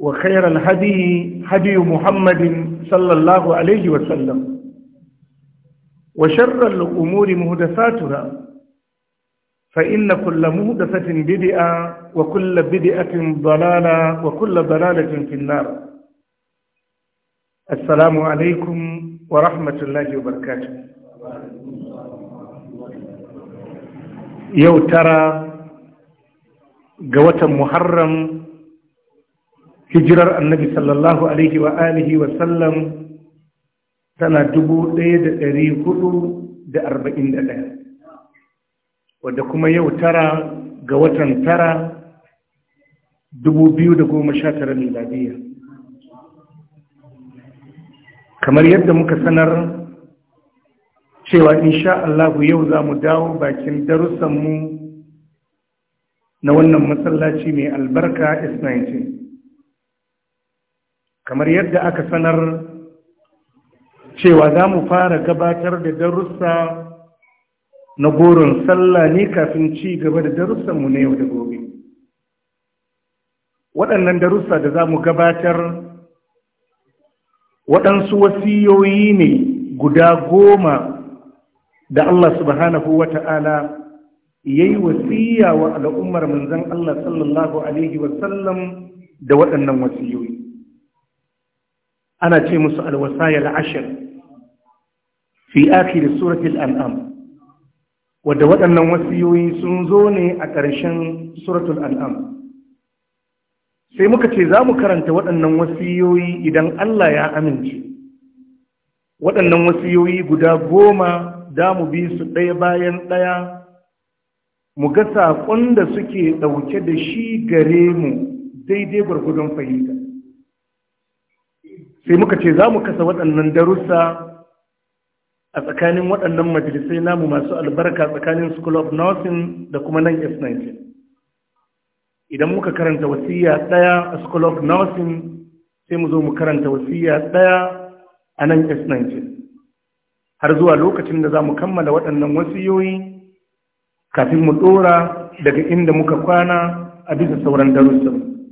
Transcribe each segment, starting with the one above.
وخير الهدي هدي محمد صلى الله عليه وسلم وشر الأمور مهدفاتها فإن كل مهدفة بدئة وكل بدئة ضلالة وكل ضلالة في النار السلام عليكم ورحمة الله وبركاته يو ترى قوة محرم hijirar annabi sallallahu alaihi wa alihi wa sallam tana ɗaya, wadda kuma yau tara ga watan tara tara miladiya kamar yadda muka sanar cewa insha Allah yau za mu dawo bakin darussanmu na wannan matsalaci mai albarka S19 kamar yadda aka sanar cewa za mu fara gabatar da darussa na goron sallah ne kafin ci gaba da darussanmu na yau da gobe waɗannan darussa da za mu gabatar waɗansu wasiyoyi ne guda goma da Allah subhanahu wa ta'ala ya yi wasiya wa al'ummar manzan Allah sallallahu Alaihi wasallam da waɗannan wasiyoyi ana ce musu alwasayil ashir fi da suratul an'am wadda waɗannan wasiyoyi sun zo ne a ƙarshen suratul an'am sai muka ce za mu karanta waɗannan wasiyoyi idan Allah ya amince waɗannan wasiyoyi guda goma da mu bi su ɗaya bayan ɗaya mu ga saƙon da suke ɗauke da shi gare mu daidai gwargwadon fahimta sai muka ce za mu kasa waɗannan darussa a tsakanin waɗannan majalisai namu masu albarka tsakanin school of nursing da kuma nan s19 idan muka karanta wasiya ɗaya a school of nursing sai mu zo mu karanta wasiya ɗaya a nan s19 har zuwa lokacin da za mu kammala waɗannan wasiyoyi kafin mu ɗora daga inda muka kwana a bisa sauran darussan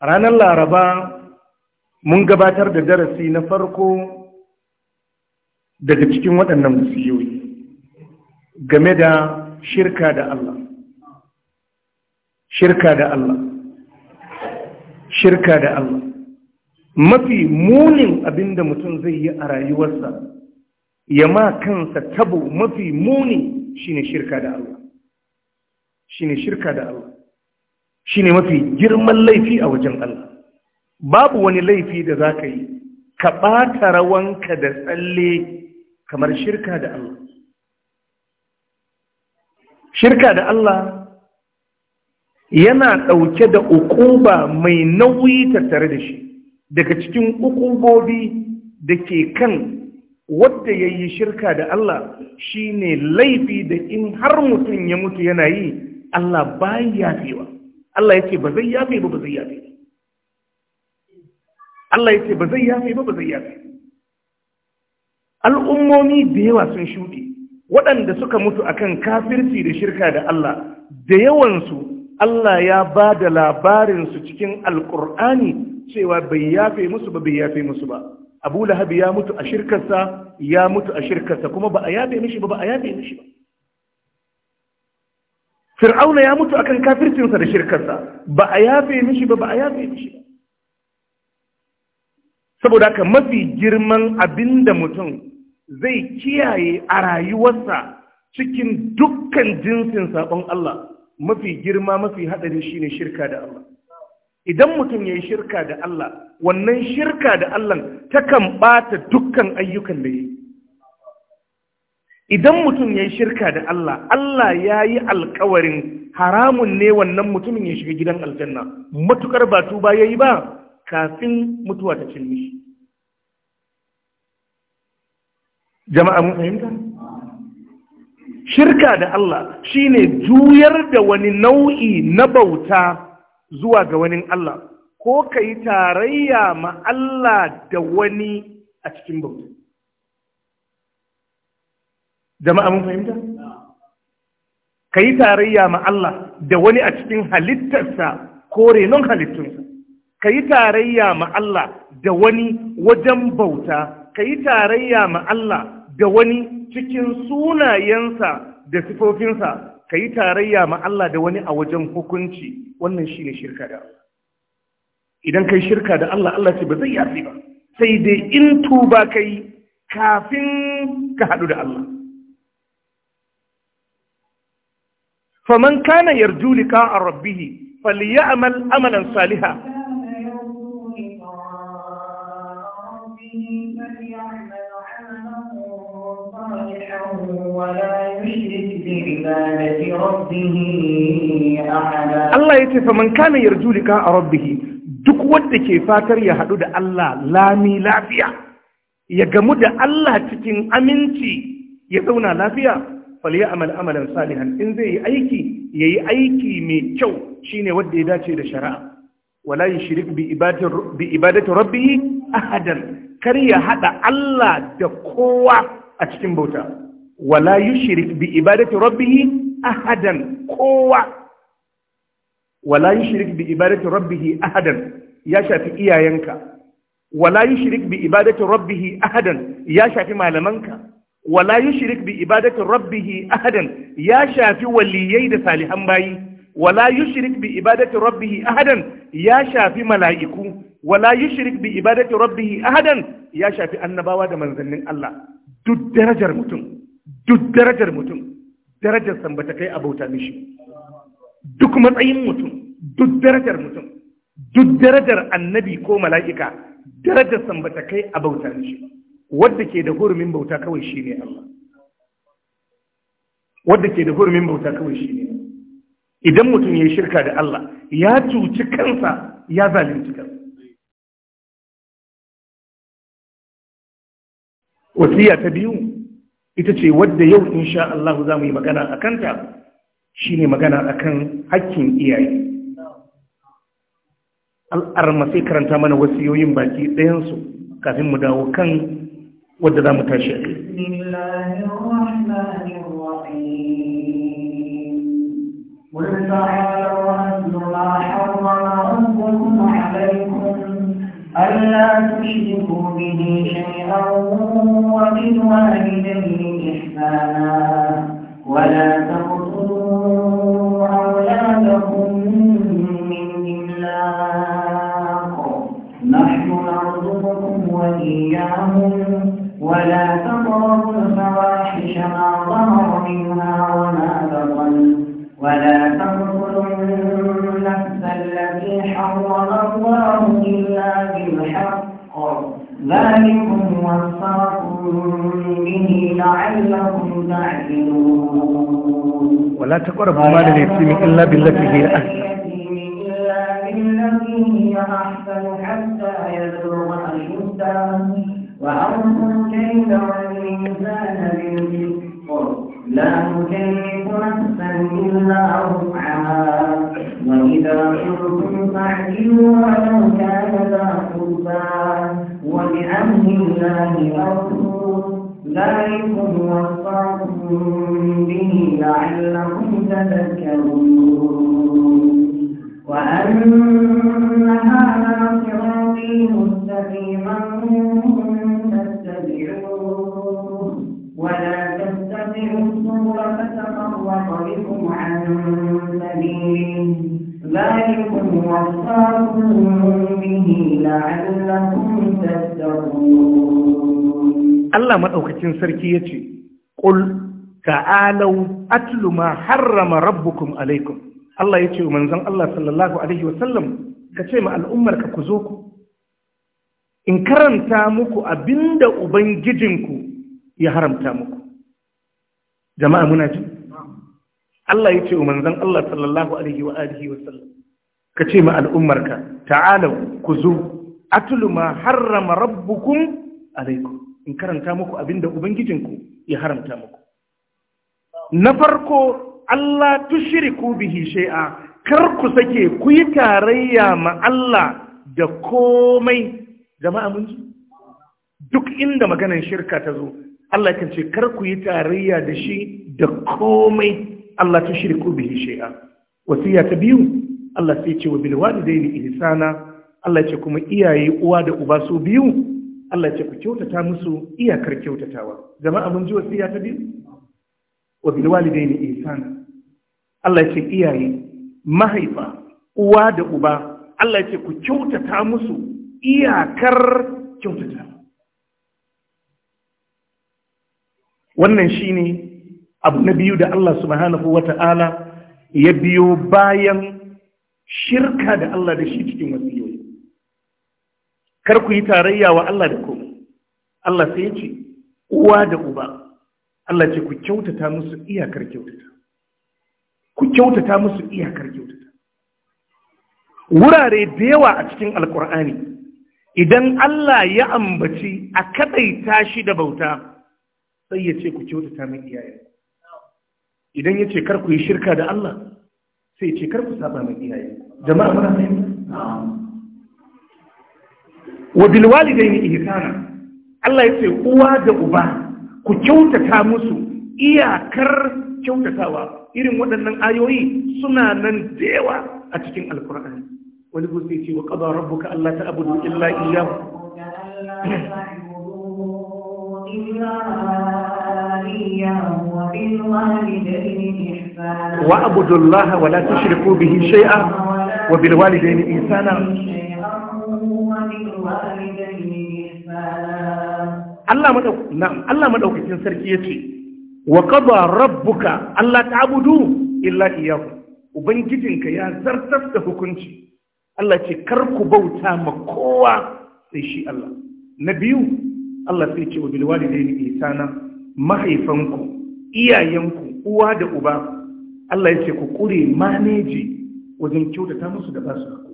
ranar laraba mun gabatar da darasi na farko daga cikin waɗannan musiyoyi game da shirka da Allah shirka da Allah shirka da Allah mafi munin abinda mutum zai yi a rayuwarsa ya ma kansa tabo mafi muni shine shirka da Allah shine shirka da Allah shine mafi girman laifi a wajen Allah babu wani laifi da za ka yi ka ɓata rawanka da tsalle kamar shirka da Allah shirka da Allah yana ɗauke da ukuba mai nauyi tattare da shi daga cikin ukubobi da ke kan wadda ya yi shirka da Allah shi ne laifi da in har mutum ya mutu yana yi Allah ba yafewa Allah ya ce ba zai yafe ba ba zai yafe ba Allah ya ce ba zai yafe ba ba zai yafe al'ummomi da yawa sun shuɗe waɗanda suka mutu akan kafirci da shirka da Allah da yawansu Allah ya ba da labarinsu cikin alƙur'ani cewa bai yafe musu ba bai yafe musu ba abu lahabi ya mutu a shirkarsa ya mutu a shirkarsa kuma ba a yafe mishi ba ba a yafe mishi ba fir'auna ya mutu akan kafircinsa da shirkarsa ba a yafe mishi ba ba a yafe mishi ba saboda haka mafi girman abin da mutum zai kiyaye a rayuwarsa cikin dukkan jinsin sabon Allah mafi girma mafi haɗari shine shirka da Allah idan mutum ya yi shirka da Allah wannan shirka da Allah takan ɓata dukkan ayyukan da ya idan mutum ya yi shirka da Allah Allah ya yi alkawarin haramun ne wannan mutumin ya shiga gidan aljanna matukar ba tuba ya yi ba kafin mutuwa ta cin mishi jama'a mun fahimta shirka da Allah shine juyar da wani nau'i na bauta zuwa ga wani Allah ko ka yi tarayya ma Allah da wani a cikin bauta jama'a mun fahimta ka yi tarayya ma Allah da wani a cikin halittarsa ko renon halittunsa ka yi tarayya ma Allah da wani wajen bauta ka yi tarayya ma Allah da wani cikin sunayensa da sifofinsa ka yi tarayya ma Allah da wani a wajen hukunci wannan shi ne shirka da Idan idan kai shirka da Allah Allah ce ba zai yafi ba sai dai in tuba kai kafin ka haɗu da Allah faman kana yarju liqa rabbih amal amalan Saliha. allah ya ce ربه أحدا الله يتفى من كان duk wanda ke fatar ya haɗu da Allah lami lafiya ya gamu da Allah cikin aminci ya zauna lafiya faliya amala amalan salihan in zai yi aiki ya yi aiki mai kyau shine wanda ya dace da shari'a wala yushrik bi ibadati rabbihi ahadan kar ya haɗa Allah da kowa a cikin bauta wala yushrik bi ibadati rabbih ahadan kowa wala yushrik bi ibadati rabbih ahadan ya shafi iyayenka wala yushrik bi ibadati rabbih ahadan ya shafi malamanka wala yushrik bi ibadati rabbih ahadan ya shafi waliyai da salihan bayi wala yushrik bi ibadati rabbih ahadan ya shafi mala'iku wala yushrik bi ibadati rabbih ahadan ya shafi annabawa da manzannin Allah duk darajar mutum duk darajar mutum darajar san bata kai abauta mishi duk matsayin mutum duk darajar mutum duk darajar annabi ko mala'ika darajar san bata kai abauta mishi wadda ke da hurumin bauta kawai shine Allah wadda ke da hurumin bauta kawai shine idan mutum ya shirka da Allah ya cuci kansa ya zalunci kansa wasiya ta biyu ita ce wadda yau insha Allah za mu yi magana a kanta shi ne magana a kan hakkin iyaye al'arma sai karanta mana wasu yoyin baki ɗayansu kafin mu dawo kan wadda za mu tashi a ألا تشركوا به شيئا وبالوالدين إحسانا ولا تقتلوا أولادكم ولا تقربوا مال اليتيم إلا بالتي هي أحسن أحسن حتى لا نكلف نفسا إلا وإذا قلتم فاعدلوا ولو كان ذا قربى وبأمر الله أوفوا ذلكم وصاكم به لعلكم تذكرون وأن هذا صراطي مستقيما فاتبعوه ولا تتبعوا الصور فتفرق بكم عن سبيله ذلكم وصاكم به لعلكم تتقون Allah maɗaukacin sarki ya ce, Ƙul, ta'alau, atlu ma harrama rabbukum alaikum. Allah ya ce wa manzan Allah sallallahu Alaihi wasallam, ka ce ma al'ummar ka ku zo ku. In karanta muku abinda Ubangijinku ya haramta muku. Jama'a muna ji? Allah ya ce wa manzan Allah sallallahu Alaihi wasallam, ka ce ma al'ummar ka, ta'alau, ku zo, atlu ma harrama rabbukum alaikum. in karanta muku abin abinda ubangijinku ya haramta muku na farko Allah tushriku bihi shay'a kar ku sake ku yi tarayya ma Allah da komai jama'a mun ji duk inda maganar shirka ta zo Allah kan ce kar ku yi tarayya da shi da komai Allah tushriku bihi shay'a wasiya ta biyu Allah sai ce wa bil walidaini ihsana Allah ce kuma iyaye uwa da uba su biyu Allah ce ku kyautata musu iyakar kyautatawa Zama abun ji wasiya ta biyu wa bil walidaini ihsan Allah ce iyaye mahaifa uwa da uba Allah ce ku kyautata musu iyakar kyautatawa wannan shine abu na biyu da Allah subhanahu wata'ala ya biyo bayan shirka da Allah da shi cikin wasi kar ku yi tarayya wa Allah da komai Allah sai ya ce uwa da uba Allah ce ku kyautata musu iyakar kyautata ku kyautata musu iyakar kyautata wurare da yawa a cikin alkur'ani idan Allah ya ambaci a kadaita shi da bauta sai ya ce ku kyautata mai iyaye idan ya ce kar ku yi shirka da Allah sai ya ce kar ku saba mai iyaye jama'a muna fahimta wa bil walidayni ihsana Allah ya yace uwa da uba ku kyautata musu iyakar kyautatawa irin waɗannan ayoyi suna nan da yawa a cikin alkur'ani wani gusi ce wa Allah ta abu ta'budu illa iya. Wa iyyahu وأبدوا الله ولا تشركوا به شيئا وبالوالدين إنسانا Allah maɗaukakin sarki ya ce, Wa kaba rabbuka Allah ta abudu illa iyaku, Ubangijinka ya zartar da hukunci, Allah ce, Kar ku bauta ma kowa sai shi Allah. Na biyu, Allah sai ce wa bilwali da yi isana mahaifanku, iyayenku, uwa da uba, Allah ya ce ku kure maneji wajen kyautata musu da basu haƙo.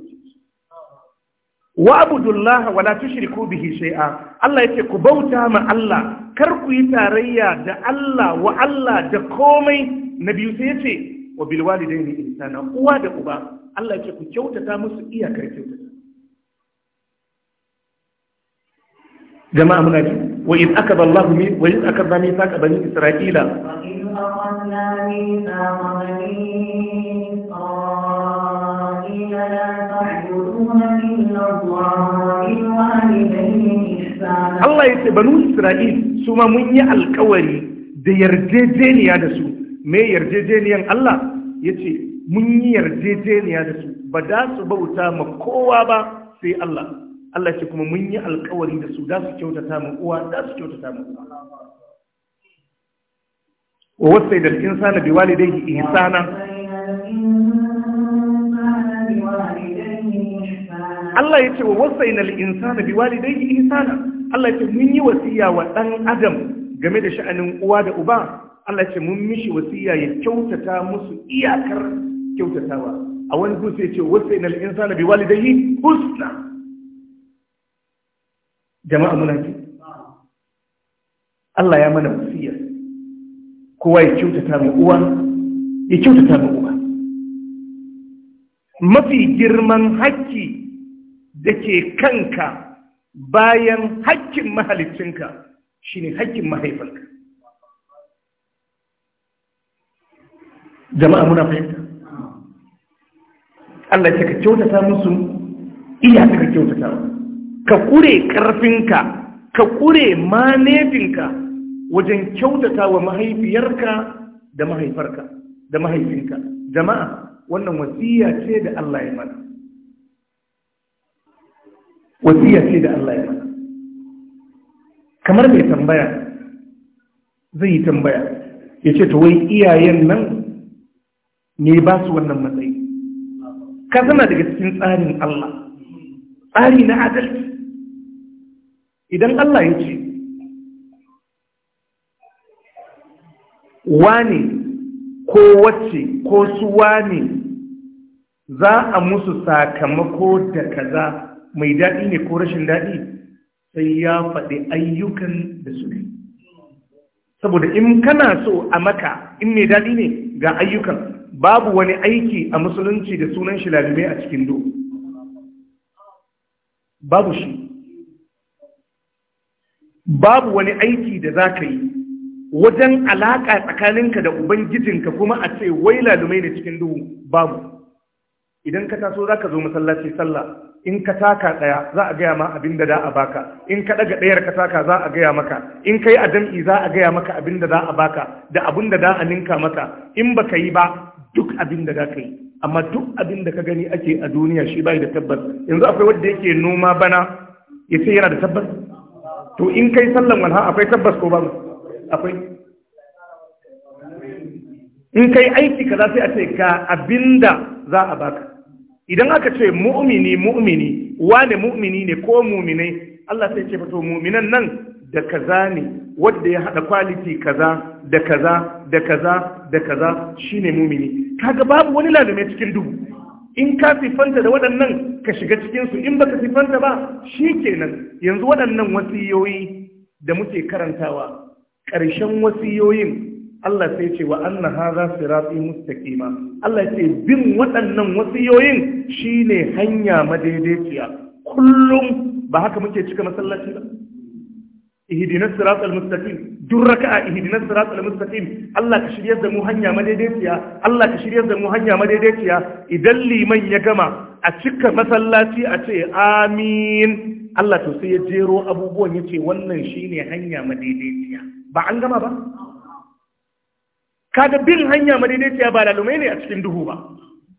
wa abudullah wa la tushriku bihi shay'a Allah yake ku bauta ma Allah kar ku yi tarayya da Allah wa Allah da komai na biyu sai yace wa bil walidaini insana uwa da uba Allah yake ku kyautata musu iyakar kyautata jama'a muna ji wa in akaba Allah mi wa in akaba mi saka bani Isra'ila in Allah ya ce banu Isra'il su ma mun yi alkawari da yarjejeniya da su me yarjejeniyan Allah ya ce mun yi yarjejeniya da su ba da su bauta ma kowa ba sai Allah Allah ce kuma mun yi alkawari da su da su kyautata ma uwa da su kyautata ma uwa wa wasai da insana bi walidayhi ihsana Allah ya ce wa wasaina al-insana biwalidayhi ihsana Allah ya ce mun yi wasiya wa dan adam game da sha'anin uwa da uba Allah ya ce mun mishi wasiya ya kyautata musu iyakar kyautatawa a wani gun sai ce wasaina al-insana biwalidayhi husna jama'a muna ji Allah ya mana wasiya kowa ya kyautata mai uwa ya kyautata mai uba mafi girman hakki da ke kanka bayan hakkin mahalicinka ne hakkin mahaifanka jama'a muna fahimta Allah ce ka kyautata musu iya ka kyautata ka kure ƙarfinka, ka kure manefinka wajen kyautata wa mahaifiyarka da mahaifarka da mahaifinka jama'a wannan wasiya ce da Allah ya mana wasiya ce da Allah ya mana kamar mai tambaya zai yi tambaya ya ce wai iyayen nan ne ba su wannan matsayi ka zama daga cikin tsarin Allah tsari na adalci idan Allah ya ce wane ko wacce ko su wane za a musu sakamako da kaza mai daɗi ne ko rashin daɗi sai ya faɗi ayyukan da su saboda in kana so a maka in mai daɗi ne ga ayyukan babu wani aiki a musulunci da sunan shi lalube a cikin do babu shi babu wani aiki da za ka yi wajen alaƙa tsakaninka da ubangijinka kuma a ce wai lalume ne cikin duhu babu idan ka taso za ka zo masallaci sallah in ka taka ɗaya za a gaya ma abin da za a baka in ka ɗaga ɗayar ka taka za a gaya maka in kai a jam'i za a gaya maka abin da za a baka da abin da za a ninka maka in baka yi ba duk abin da za ka yi amma duk abin da ka gani ake a duniya shi bai da tabbas yanzu akwai wanda yake noma bana ya ce yana da tabbas to in kai sallan walha akwai tabbas ko ba akwai in kai aiki kaza sai a ce ga abinda za a baka idan aka ce mu'mini mu'mini wane mu'mini ne ko mu'minai Allah sai ce fito mu'minan nan da kaza ne wanda ya hada kwaliti kaza da kaza da kaza da kaza shine mu'mini kaga babu wani lalume cikin duhu in ka sifanta da waɗannan ka shiga cikin su in baka sifanta ba shikenan yanzu waɗannan wasiyoyi da muke karantawa ƙarshen wasiyoyin Allah sai ce wa anna hadha sirati mustaqima Allah ce bin waɗannan wasiyoyin shine hanya madaidaiciya kullum ba haka muke cika masallaci ba ihdina siratal mustaqim duk raka'a ihdina siratal mustaqim Allah ka shiryar da mu hanya madaidaiciya Allah ka shiryar da mu hanya madaidaiciya idan liman ya gama a cika masallaci a ce amin Allah to sai ya jero abubuwan ya ce wannan shi ne hanya madaidaiciya ba an gama ba kaga bin hanya madaidaiciya ba lalumai ne a cikin duhu ba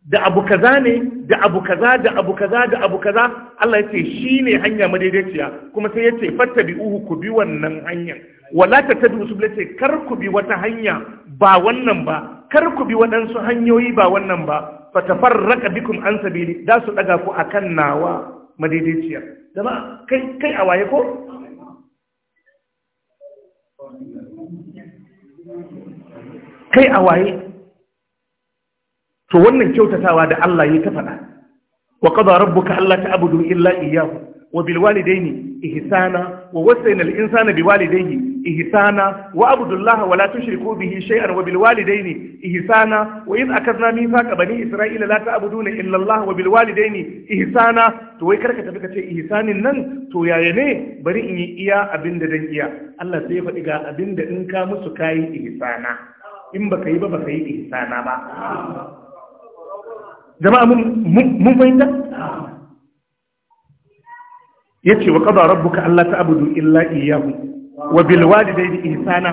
da abu kaza ne da abu kaza da abu kaza da abu kaza Allah ya ce shi ne hanya madaidaiciya kuma sai ya ce bi uhu ku bi wannan hanyar wala ta tabi usul ce kar ku bi wata hanya ba wannan ba kar ku bi waɗansu hanyoyi ba wannan ba fatafarraka bikum an sabili da su daga ku akan nawa madaidaiciya jama'a kai kai a waye ko kai a waye to wannan kyautatawa da Allah ya ta faɗa wa qadara rabbuka alla ta'budu illa iyyahu وبالوالدين إحسانا ووصينا الإنسان بوالديه إحسانا وأعبدوا الله ولا تشركوا به شيئا وبالوالدين إحسانا وإذ أخذنا ميثاق بني إسرائيل لا تعبدون إلا الله وبالوالدين إحسانا to wai ka tafi ka ce ihsanin nan to yaya ne bari in yi iya abin da Allah sai ya faɗi ga abin da in ka musu kayi ihsana in baka yi ba baka yi ihsana ba jama'a mun fahimta yace wa qada rabbuka alla ta'budu illa iyyahu wa bil walidayni ihsana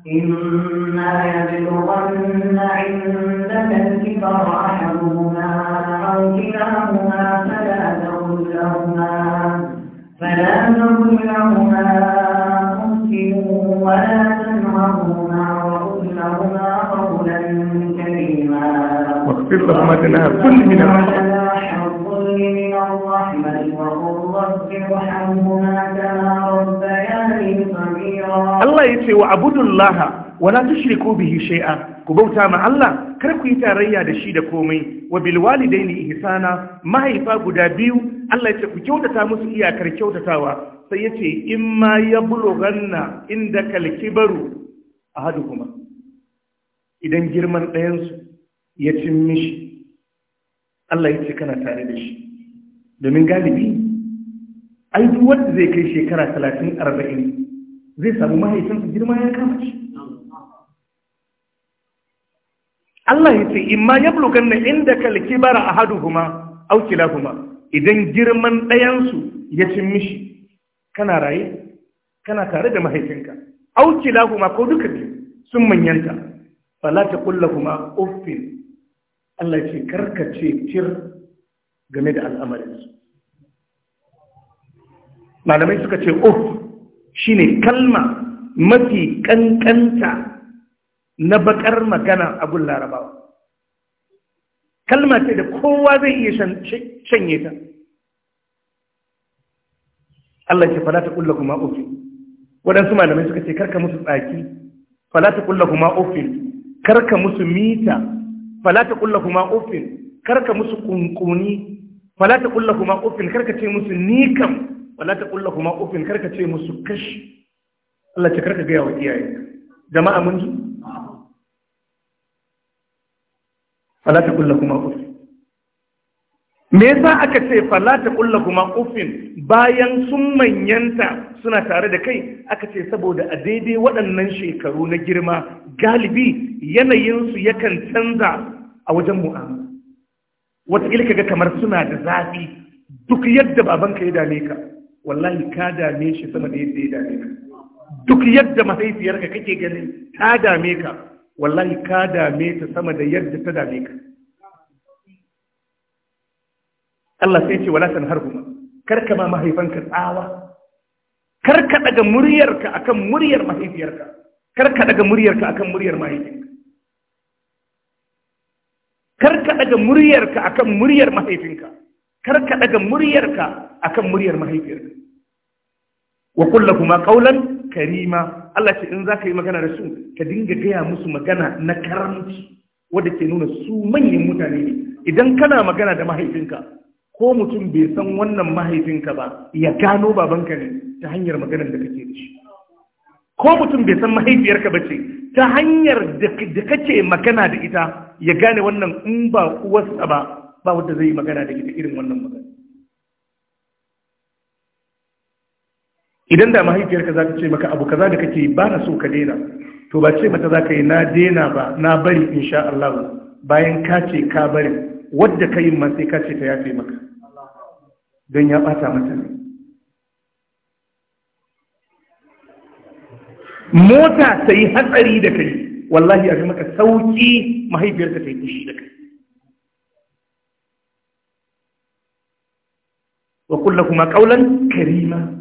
إما يبلغن عندك الكبر أحدهما أو كلاهما فلا تقل لهما فلا نقل لهما أف ولا تنهرهما وقل لهما قولا كريما واغفر لهما جناح كل من الرحمة وقل رب ارحمهما كما ربياني صغيرا الله يتي اعبدوا الله wala tushriku bihi shay'a ku bauta ma Allah kar ku yi tarayya da shi da komai wa bil walidaini ihsana mahaifa guda biyu Allah ya ce ku kyautata musu iyakar kyautatawa sai ya ce in ma yablughanna indaka al-kibaru ahaduhuma idan girman ɗayan su ya cin mishi Allah ya ce kana tare da shi domin galibi ai duk wanda zai kai shekara 30 40 zai samu mahaifinsa girma ya kama shi Allah ya ce imma bulukan na inda kalki bara a hadu ahaduhuma aw kuma idan girman ɗayansu ya cin mishi kana raye kana tare da mahaifinka aw kuma ko duka biyu sun manyanta fala ta kulla kuma ofin Allah ce karkace game da al'amarinsu malamai suka ce shi shine kalma mafi kankanta na bakar magana a larabawa kalma ce da kowa zai iya shanye ta Allah ce fala ta kulla kuma ofin waɗansu malamai suka ce karka musu tsaki fala ta kulla kuma ofin karka musu mita fala ta kulla kuma ofin karka musu kunkuni fala ta kulla kuma ofin karka ce musu nikam fala ta kulla kuma ofin karka ce musu kashi Allah ce karka gaya wa iyaye jama'a mun ji fala ta kulla kuma uf me yasa aka ce fala ta kulla kuma ufin bayan sun manyanta suna tare da kai aka ce saboda a daidai waɗannan shekaru na girma galibi yanayinsu yakan canza a wajen mu'amala wataƙila ga kamar suna da zafi duk yadda babanka ya dame ka wallahi ka dame shi sama da yadda ya dame ka duk yadda mahaifiyarka kake ganin ta dame ka wallahi ka dame ta sama da yadda ta dame ka Allah sai ce wala tan harhuma karka ma mahaifanka tsawa karka daga muryarka akan muryar mahaifiyarka karka daga muryarka akan muryar mahaifinka karka daga muryarka akan muryar mahaifinka karka daga muryarka akan muryar mahaifiyarka wa kullakuma qawlan karima Allah ce in za ka yi magana da su ka dinga gaya musu magana na karanci. wadda ke nuna su manyan mutane ne idan kana magana da mahaifinka ko mutum bai san wannan mahaifinka ba ya gano babanka ne ta hanyar maganar da kake da shi ko mutum bai san mahaifiyarka ba ce ta hanyar da kake magana da ita ya gane wannan in ba uwarsa ba ba wanda zai yi magana da ita irin wannan magana idan da mahaifiyarka za ta ce maka abu kaza da kake ba na so ka daina to ba ce mata za ka yi na daina ba na bari in sha Allah bayan ka ce ka bari wadda ka yi man sai ka ce ta yafe maka don ya bata mata ne mota ta yi hatsari da kai wallahi a maka sauki mahaifiyarka ta yi fushi da kai wa kuma ƙaulan karima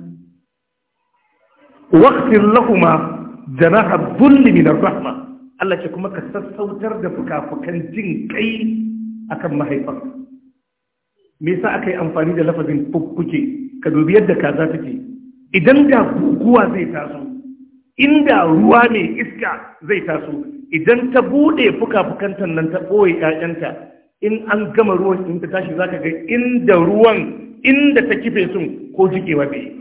waqtir lahuma janaha dhulli min rahma Allah ce kuma ka sassautar da fukafukan jin kai akan mahaifar me yasa aka yi amfani da lafazin fukuke ka dubi yadda kaza take idan da guguwa zai taso inda ruwa ne iska zai taso idan ta bude fuka nan ta ɓoye ƴaƴanta in an gama ruwan in ta tashi zaka ga inda ruwan inda ta kife sun ko jikewa bai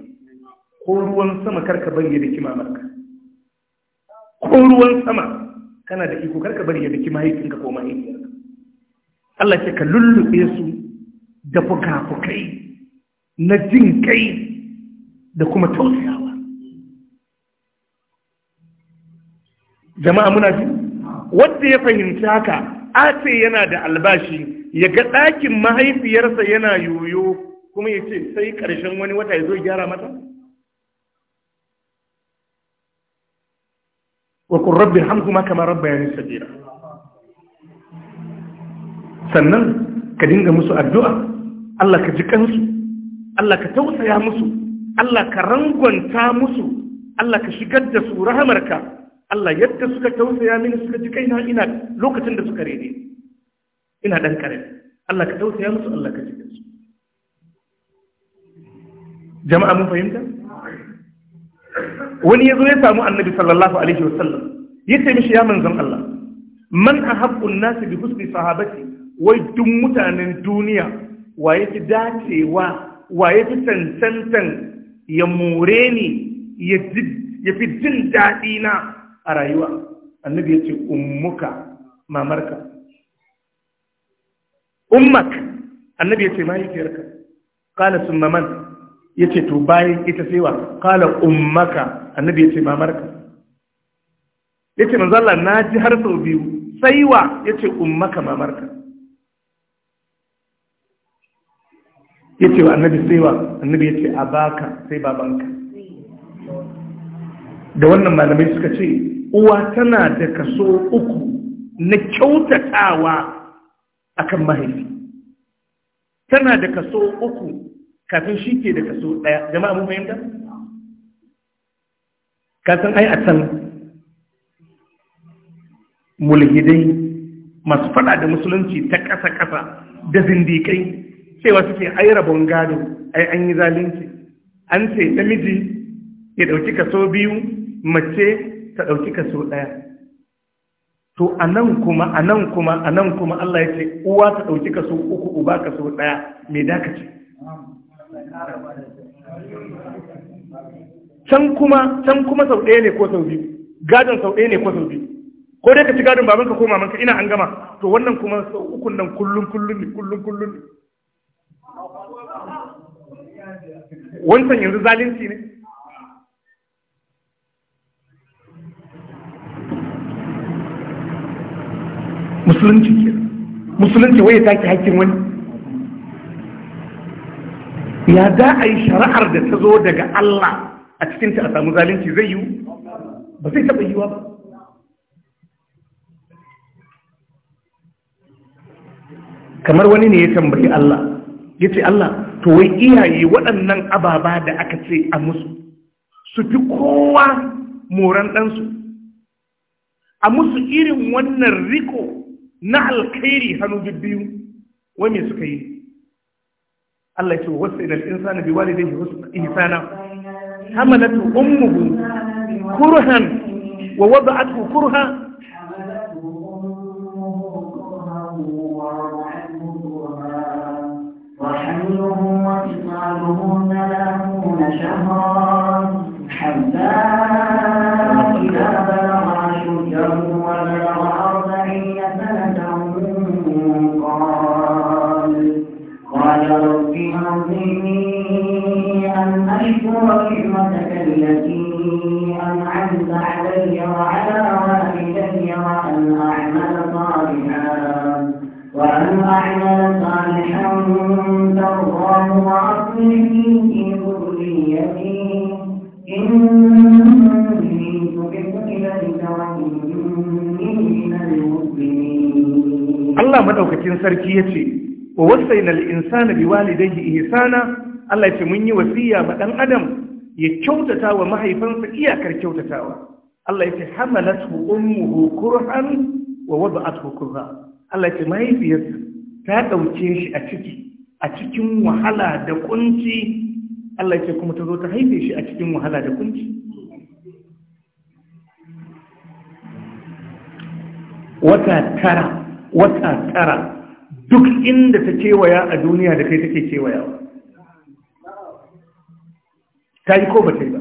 ko ruwan sama karka bari ya daki mamarka ko ruwan sama kana da iko karka bari ya daki mahaifinka ko mahaifiyarka Allah ce ka lullube su da fukafukai na jin kai da kuma tausayawa jama'a muna ji wanda ya fahimci haka a ce yana da albashi ya ga ɗakin mahaifiyarsa yana yoyo kuma ya ce sai ƙarshen wani wata ya zo gyara mata? wa qur rabbi hamhuma kama rabbayani saghira sannan ka dinga musu addu'a Allah ka ji kansu Allah ka tausaya musu Allah ka rangwanta musu Allah ka shigar da su rahamarka Allah yadda suka tausaya mini suka ji kaina ina lokacin da suka rene ina dan karami Allah ka tausaya musu Allah ka ji kansu jama'a mun fahimta wani ya zo ya samu annabi sallallahu alaihi wasallam ya ce mishi ya manzon Allah man ahabbun nasi bi husni sahabati wai duk mutanen duniya ya fi dacewa ya fi tantantan ya more ni ya fi jin daɗi na a rayuwa annabi ya ce ummuka mamarka ummak annabi ya ce mahaifiyarka kala sun yace to bayan ita saiwa kala qala ummaka annabi yace mamarka yace manzo Allah na ji har sau biyu saiwa wa yace ummaka mamarka yace wa annabi saiwa wa annabi yace abaka sai babanka da wannan malamai suka ce uwa tana da kaso uku na kyautatawa akan mahaifi tana da kaso uku kafin shi ke da kaso ɗaya jama'a mun fahimta kasan ai a can mulhidai masu fada da musulunci ta ƙasa-ƙasa da zindikai cewa suke ai rabon gado ai an yi zalunci an ce namiji ya ɗauki kaso biyu mace ta ɗauki kaso ɗaya to a nan kuma a nan kuma a nan kuma Allah ya ce uwa ta ɗauki kaso uku uba kaso ɗaya mai ce? can kuma can kuma sau ɗaya ne ko sau biyu gadon sau ɗaya ne ko sau biyu ko dai ka ci gadon babanka ko mamanka ina an gama to wannan kuma sau ukun nan kullum kullum ne kullum kullum ne wancan yanzu zalunci ne musulunci ke musulunci wai ya take hakkin wani ya za a yi shari'ar da ta zo daga Allah a cikinta a samu zalunci zai yiwu ba zai taɓa yiwa ba kamar wani ne ya tambayi Allah ya ce Allah to wai iyaye waɗannan ababa da aka ce a musu su fi kowa moran ɗansu a musu irin wannan riko na alkhairi hannu biyu wani suka yi الله يوسئ الإنسان بوالده إنسانا حملت أمه كرها ووضعته كرها وحمله وإطعالهن لهم شهرا حبا Allah maɗaukacin sarki ya ce, "Wa wasainal insana bi walidai ihsana Allah ce mun yi wasiya ma ɗan Adam ya kyautata wa mahaifansa iyakar kyautatawa. Allah ya ce, "Hamalat hu’ummu hukurhan wa wadda at Allah ya ce, "Mahaifiyarsa ta ɗauke shi a ciki, a cikin wahala da ƙunci Allah ya ce kuma ta zo ta haife shi a cikin wahala da kunci wata tara wata tara duk inda ta kewaya a duniya da kai take kewayawa ta yi ko ba ta yi ba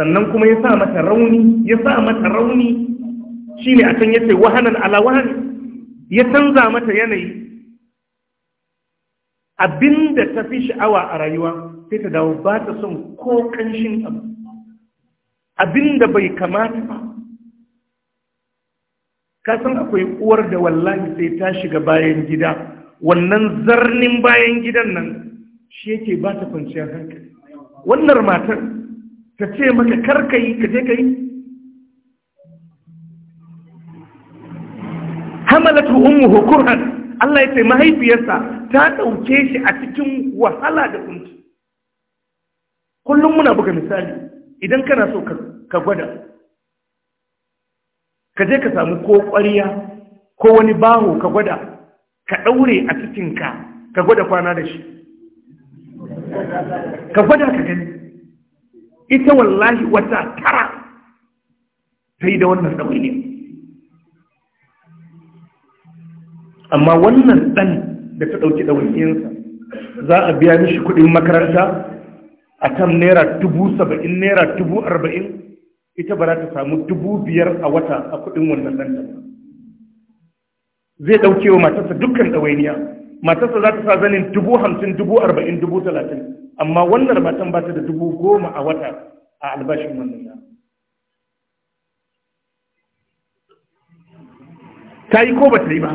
sannan kuma ya sa mata rauni ya sa mata rauni shi ne a can ya ce wahanan ala wahani ya canza mata yanayi abinda ta fi sha'awa a rayuwa sai ta dawo ba ta son ko ƙanshin abu abin da bai kamata ba kasan akwai uwar da wallahi sai ta shiga bayan gida wannan zarnin bayan gidan nan shi yake ba ta kwanciyar hankali wannan matar ta ce maka karkayi ka je ka yi hamalatu ummu kurhan Allah ya ce mahaifiyarsa ta ɗauke shi a cikin wahala da kunci kullum muna buga misali idan kana so ka gwada ka je ka samu ko kwariya ko wani baho ka gwada ka ɗaure a cikinka ka gwada kwana da shi ka gwada ka gani ita wallahi wata tara ta yi da wannan ne. amma wannan ɗan da ta ɗauki ɗawainiyarsa za a biya mishi kuɗin makaranta a kan naira dubu saba'in naira dubu arba'in ita ba za ta samu dubu biyar a wata a kudin wannan landa zai ɗauke wa matarsa dukkan ɗawainiya matarsa za ta sa zanin dubu hamsin dubu arba'in dubu talatin amma wannan matan ba ta da dubu goma a wata a albashin wannan ya ta yi ko ba ta yi ba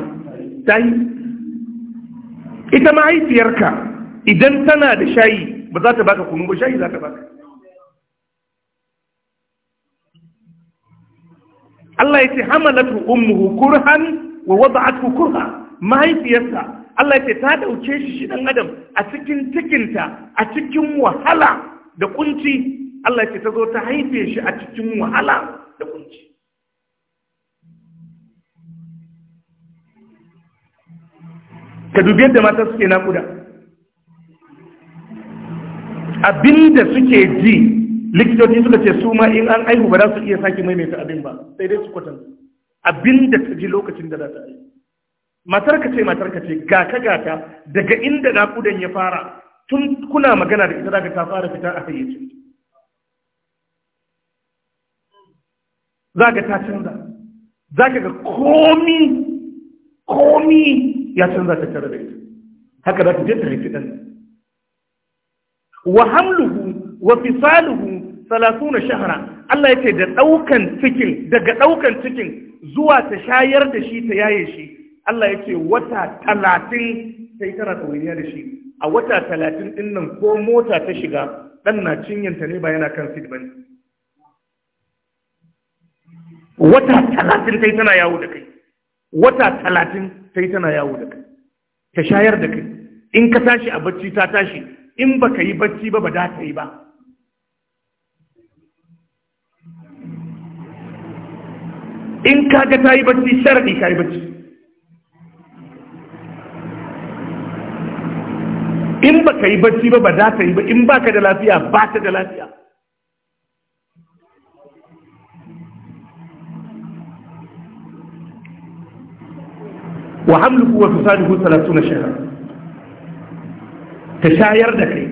ta yi ita mahaifiyarka idan tana da shayi ba za ta baka kunu ba shayi za ta baka Allah ya ce hamalatu ummuhu kurhan wa wada'athu kurha mahaifiyarsa Allah ya ce ta dauke shi shi dan adam a cikin cikinta a cikin wahala da kunci Allah ya ce ta zo ta haife shi a cikin wahala da kunci ka dubi yadda mata suke nakuda. Abin da suke ji likitoci suka ce su ma in an aihu ba za su iya sake maimaita abin ba sai dai su kwatanta da ta ji lokacin da za ta aihu matar ka ce matar ka ce gaka gaka daga inda naƙudan ya fara tun kuna magana da ita daga ta fara fita a hayyacin za ga ta canza za ka ga komi komi ya canza ta tare da ita haka za ta je ta haifi ɗan wa hamluhu wa fisaluhu salatuna shahara Allah ya ce da daukan cikin daga ɗaukan cikin zuwa ta shayar da shi ta yaye shi Allah ya ce wata talatin sai tana ɗawainiya da shi a wata talatin ɗin nan ko mota ta shiga ɗan na cinyanta ne ba yana kan fit ba ne wata talatin sai tana yawo da kai wata talatin sai tana yawo da kai ta shayar da kai in ka tashi a bacci ta tashi in ba ka yi bacci ba ba da ka yi ba in kaga ta yi bacci sharaɗi ka yi bacci in baka yi bacci ba ba da ka yi ba in baka da lafiya ba ta da lafiya wa hamluhu wa fisaduhu 30 shahra ta shayar da kai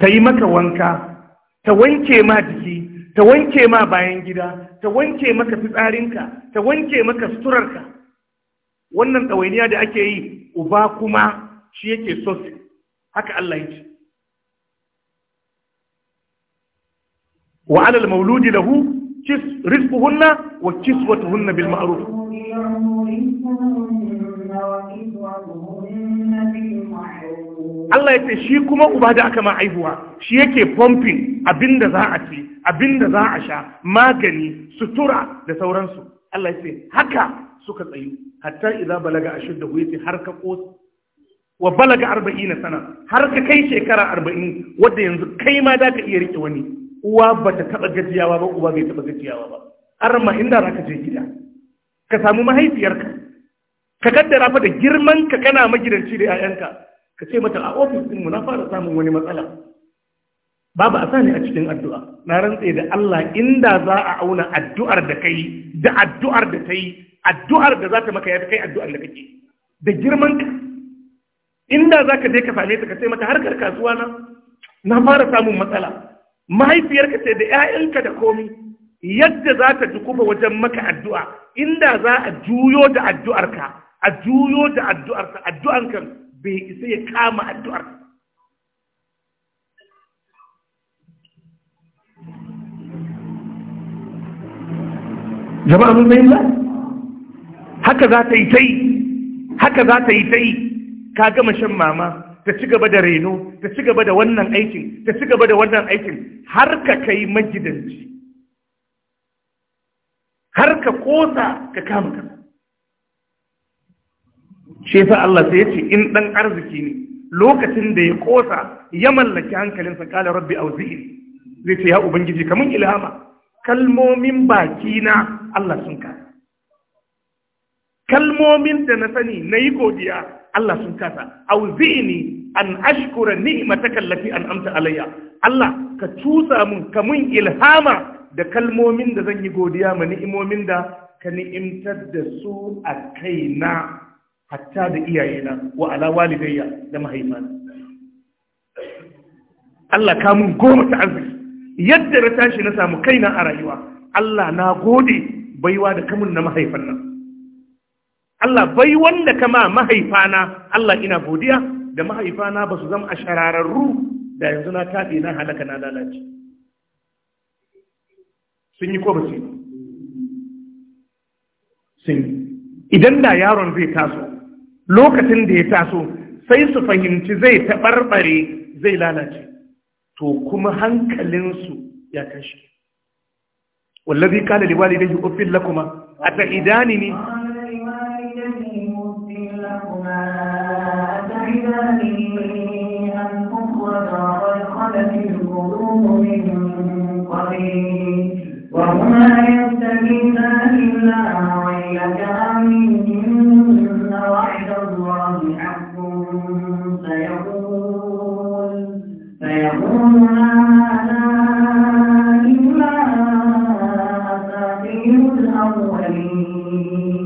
ta yi maka wanka ta wanke ma jiki ta wanke ma bayan gida ta wanke maka fitsarinka ta wanke maka suturarka wannan ɗawainiya da ake yi uba kuma shi yake sosai haka Allah yi ce wa alal mauludi lahu rizquhunna wa kiswatuhunna bil ma'ruf Allah ya ce shi kuma uba da aka ma haihuwa shi yake pumping abinda za a ci abinda za a sha magani sutura da sauransu Allah ya ce haka suka tsayu hatta idza balaga ashuddahu yace har ka kosa wa balaga arba'ina sana har ka kai shekara arba'in wadda yanzu kai ma da ka iya rike wani uwa ba ta taɓa gajiyawa ba uba bai taɓa gajiyawa ba ma inda za ka je gida ka samu mahaifiyarka ka kaddara rafa da girman ka kana magidanci da 'ya'yanka ka ce mata a ofis mu na fara samun wani matsala babu a sani a cikin addu'a na rantse da Allah inda za a auna addu'ar da kai da addu'ar da ta yi addu'ar da za ta maka ya fi kai addu'ar da kake da girman ka inda za ka je ka same ta ka ce mata harkar kasuwa na na fara samun matsala mahaifiyarka ce da 'ya'yanka da komi yadda za ta dukufa wajen maka addu'a inda za a juyo da addu'arka a juyo da addu'arsa addu'an kan bai isa ya kama addu'ar jama'a mun bayyana haka za ta yi ta yi haka za ta yi ta yi ka gama shan mama ta ci gaba da reno ta ci gaba da wannan aikin ta ci gaba da wannan aikin har ka kai majidanci har ka kosa ka kama kanka shi yasa Allah sai ya ce in dan arziki ne lokacin da ya kosa ya mallaki hankalinsa kala rabbi auzi'in zai ce ya ubangiji kamun ilhama kalmomin baki na Allah sun kasa kalmomin da na sani na yi godiya Allah sun kasa auzini an ashkura ni'mataka allati an'amta alayya Allah ka cusa mun mun ilhama da kalmomin da zan yi godiya ma ni'imomin da ka ni'imtar da su a kaina hatta da iyayena wa ala walidayya da mahaifana Allah ka mun goma ta arziki yadda na tashi na samu kaina a rayuwa Allah na gode baiwa da kamun na mahaifan nan Allah bai wanda kama mahaifana Allah ina godiya da mahaifana ba su zama a shararru da yanzu na taɓe na halaka na lalace sun yi ko ba su yi sun yi idan da yaron zai taso lokacin da ya taso sai su fahimci zai taɓarɓare zai lalace to kuma hankalinsu ya kashi wallazi kala liwalidayhi uffil lakuma ata'idanini وهما يستغيثان الله ويلك آمين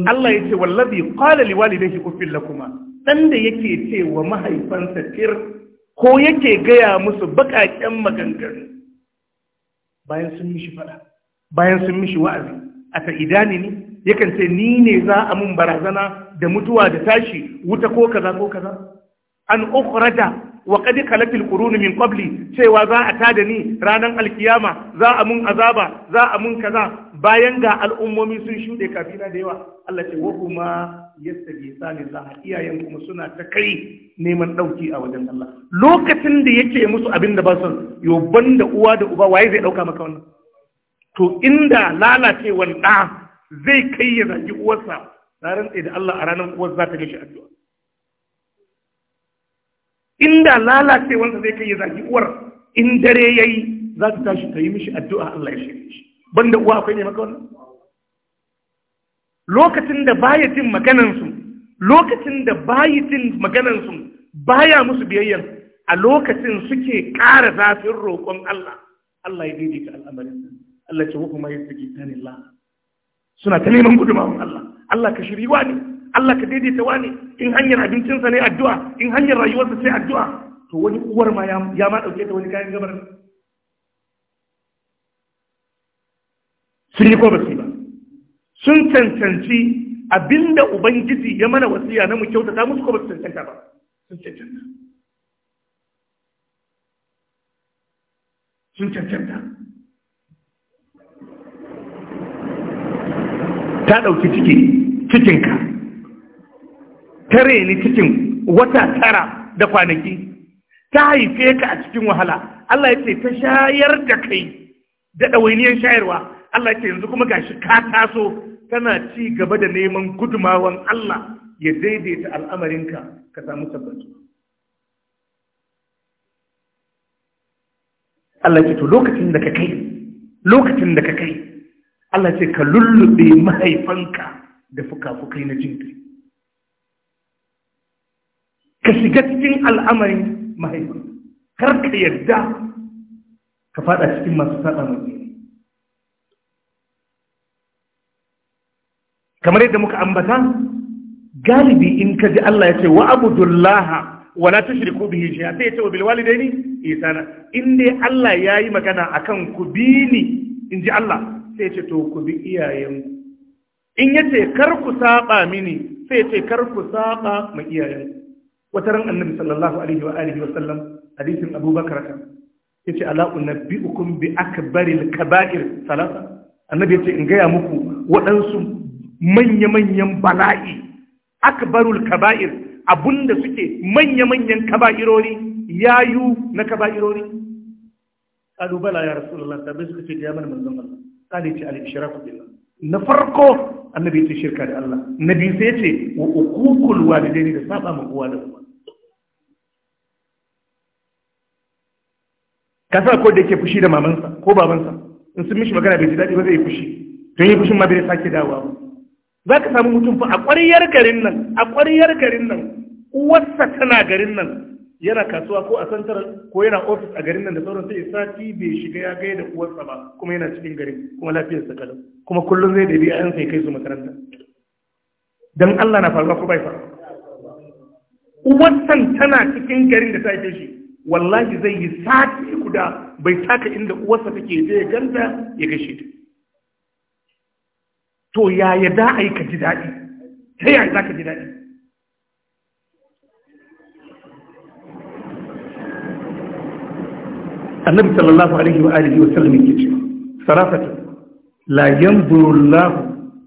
Allah ya ce wallabi da liwalidayhi uffil lakuma ɗan da yake cewa mahaifansa Fir, ko yake gaya musu baƙaƙen maganganu bayan sun mishi fada bayan sun mishi wa'azi a ta idani ne yakan ce ni ne za a mun barazana da mutuwa da tashi wuta ko kaza ko kaza an da. wa kadi kalatil qurun min qabli cewa za a tada ni ranan alkiyama za a mun azaba za a mun kaza bayan ga al'ummomi sun shuɗe kafina da yawa Allah ce wa kuma salin za iyayen kuma suna ta kai neman ɗauki a wajen Allah lokacin da yake musu abin da ba son yo banda uwa da uba waye zai ɗauka maka wannan to inda lalacewan ɗa zai kai ya zagi uwarsa na rantsa da Allah a ranar uwar za ta shi addu'a inda wanda zai kai ya zagi uwar in dare ya yi za ta tashi ta yi mishi addu'a Allah ya shirye shi banda uwa akwai ne maka wannan lokacin da baya jin maganansu lokacin da baya jin maganansu baya musu biyayyar a lokacin suke ƙara zafin roƙon Allah Allah ya daidaita al'amarin Allah ce wa kuma ya saki tani Allah suna ta neman gudumawan Allah Allah ka shirya ne Allah ka daidaita wani in hanyar abincinsa ne addu'a in hanyar rayuwarsa sai addu'a to wani uwar ma ya ma dauke ta wani kayan gabar sun yi ko ba ba sun cancanci abinda ubangiji ya mana wasiya na mu kyautata musu ko ba su cancanta ba sun cancanta sun cancanta ta ɗauki ciki cikinka tare ni cikin wata tara da kwanaki ta haife ka a cikin wahala Allah ya ce ta shayar da kai da ɗawainiyar shayarwa Allah ya ce yanzu kuma ga shi ka taso tana ci gaba da neman gudumawan Allah ya daidaita al'amarinka ka samu tabbaci Allah ya ce to lokacin da ka kai lokacin da ka kai Allah ya ce ka lullube mahaifanka da fuka-fukai na jinkai ka shiga cikin al'amarin mahaifin kar ka yarda ka fada cikin masu sada mai kamar yadda muka ambata galibi in ka ji Allah ya ce wa abudullaha la tushriku bihi shay'a sai ya ce wa bil walidaini ihsana in dai Allah yayi magana akan ku bi ni in ji Allah sai ya ce to ku bi iyayenku in yace kar ku saba mini sai ya ce kar ku saba ma ku wata ran annabi sallallahu alaihi wa alihi wa sallam hadisin abubakar ta yace ala unabbiukum bi akbaril kaba'ir salasa annabi yace in gaya muku waɗansu manya-manyan bala'i akbarul kaba'ir abunda suke manya-manyan kaba'irori yayu na kaba'irori qalu bala ya rasulullah tabbai suka ce ya mana manzon Allah qali ce al ishraku billah na farko annabi yace shirka da Allah nabi sai yace wa uququl walidaini da saba ma uwa da uba ka ko da yake fushi da mamansa ko babansa in sun mishi magana bai ji daɗi ba zai fushi don yi fushin ma bai sake dawowa za ka samu mutum fa a ƙwariyar garin nan a ƙwariyar garin nan uwarsa tana garin nan yana kasuwa ko a santar ko yana ofis a garin nan da sauran sai sati bai shiga ya gaya da uwarsa ba kuma yana cikin garin kuma lafiyarsa kalau kuma kullum zai dabi a yansa ya kai su makaranta dan Allah na faruwa ko bai faruwa uwarsan tana cikin garin da ta haife shi wallahi zai yi sati guda bai saka inda uwarsa take zai ganta ya gashi. ta to ya da a yi ka ji daɗi ta yaya za ka ji daɗi annabi sallallahu alaihi wa alihi wa sallam yake ce sarafata la yanzuru Allah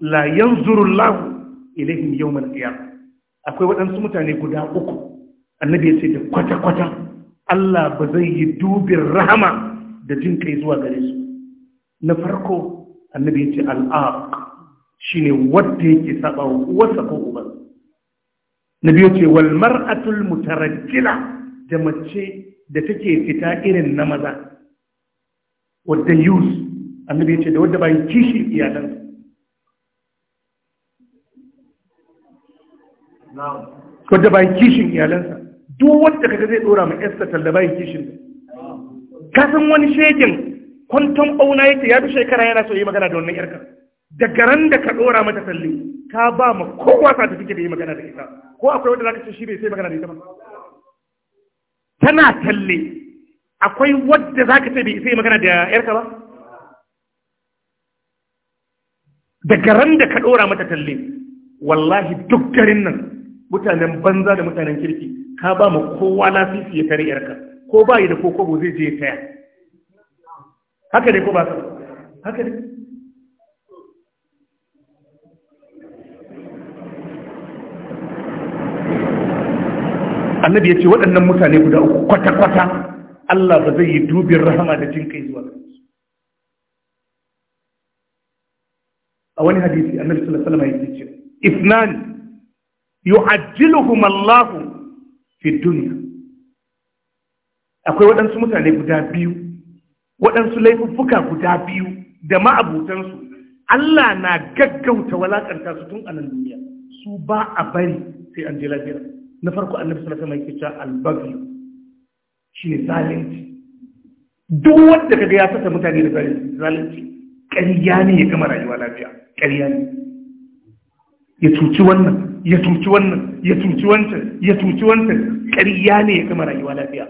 la yanzuru Allah ilaihim yawm al-qiyamah akwai waɗansu mutane guda uku annabi ya ce da kwata kwata Allah ba zai yi dubin rahama da jin kai zuwa gare su na farko annabi ya ce al'aq shi ne wadda yake saba wasa ko uban Na ya ce wal mar'atul mutarajjila da mace da take fita irin na maza wadda yus annabi ya ce da wadda bayan kishi iyalan wadda bayan kishin iyalansa duk wanda kaga zai dora mai da bayan kishin ka san wani shekin kwanton auna yake ya bi shekara yana so yi magana da wannan yarka daga ran da ka dora mata talle ka ba ma kowa sa tafi da yi magana da ita ko akwai wanda zaka ce shi bai sai magana da ita ba tana talle akwai wadda zaka ce bai sai magana da yarka ba daga ran da ka dora mata talle wallahi duk garin nan mutanen banza da mutanen kirki ka ba mu kowa lasisi ya tare yarka ko ba yi da ko kwabo zai je ya taya haka ne ko ba haka ne annabi ya ce waɗannan mutane guda uku kwata-kwata Allah ba zai yi dubin rahama da jin kai zuwa a wani hadisi annabi sallallahu alaihi wasallam ya ce ifnan yu'ajjiluhum Allahu fi duniya akwai waɗansu mutane guda biyu waɗansu laifuffuka guda biyu da ma'abutansu Allah na gaggauta walakanta su tun a nan duniya su ba a bari sai an je lafiya na farko annabi sallallahu alaihi wasallam yake cewa al-baghy shine zalunci duk wanda kaga ya saka mutane da zalunci ƙarya ne ya gama rayuwa lafiya ƙarya ne ya cuci wannan ya tuci wannan ya tuci wancan ya tuci wancan ƙarya ne ya kama rayuwa lafiya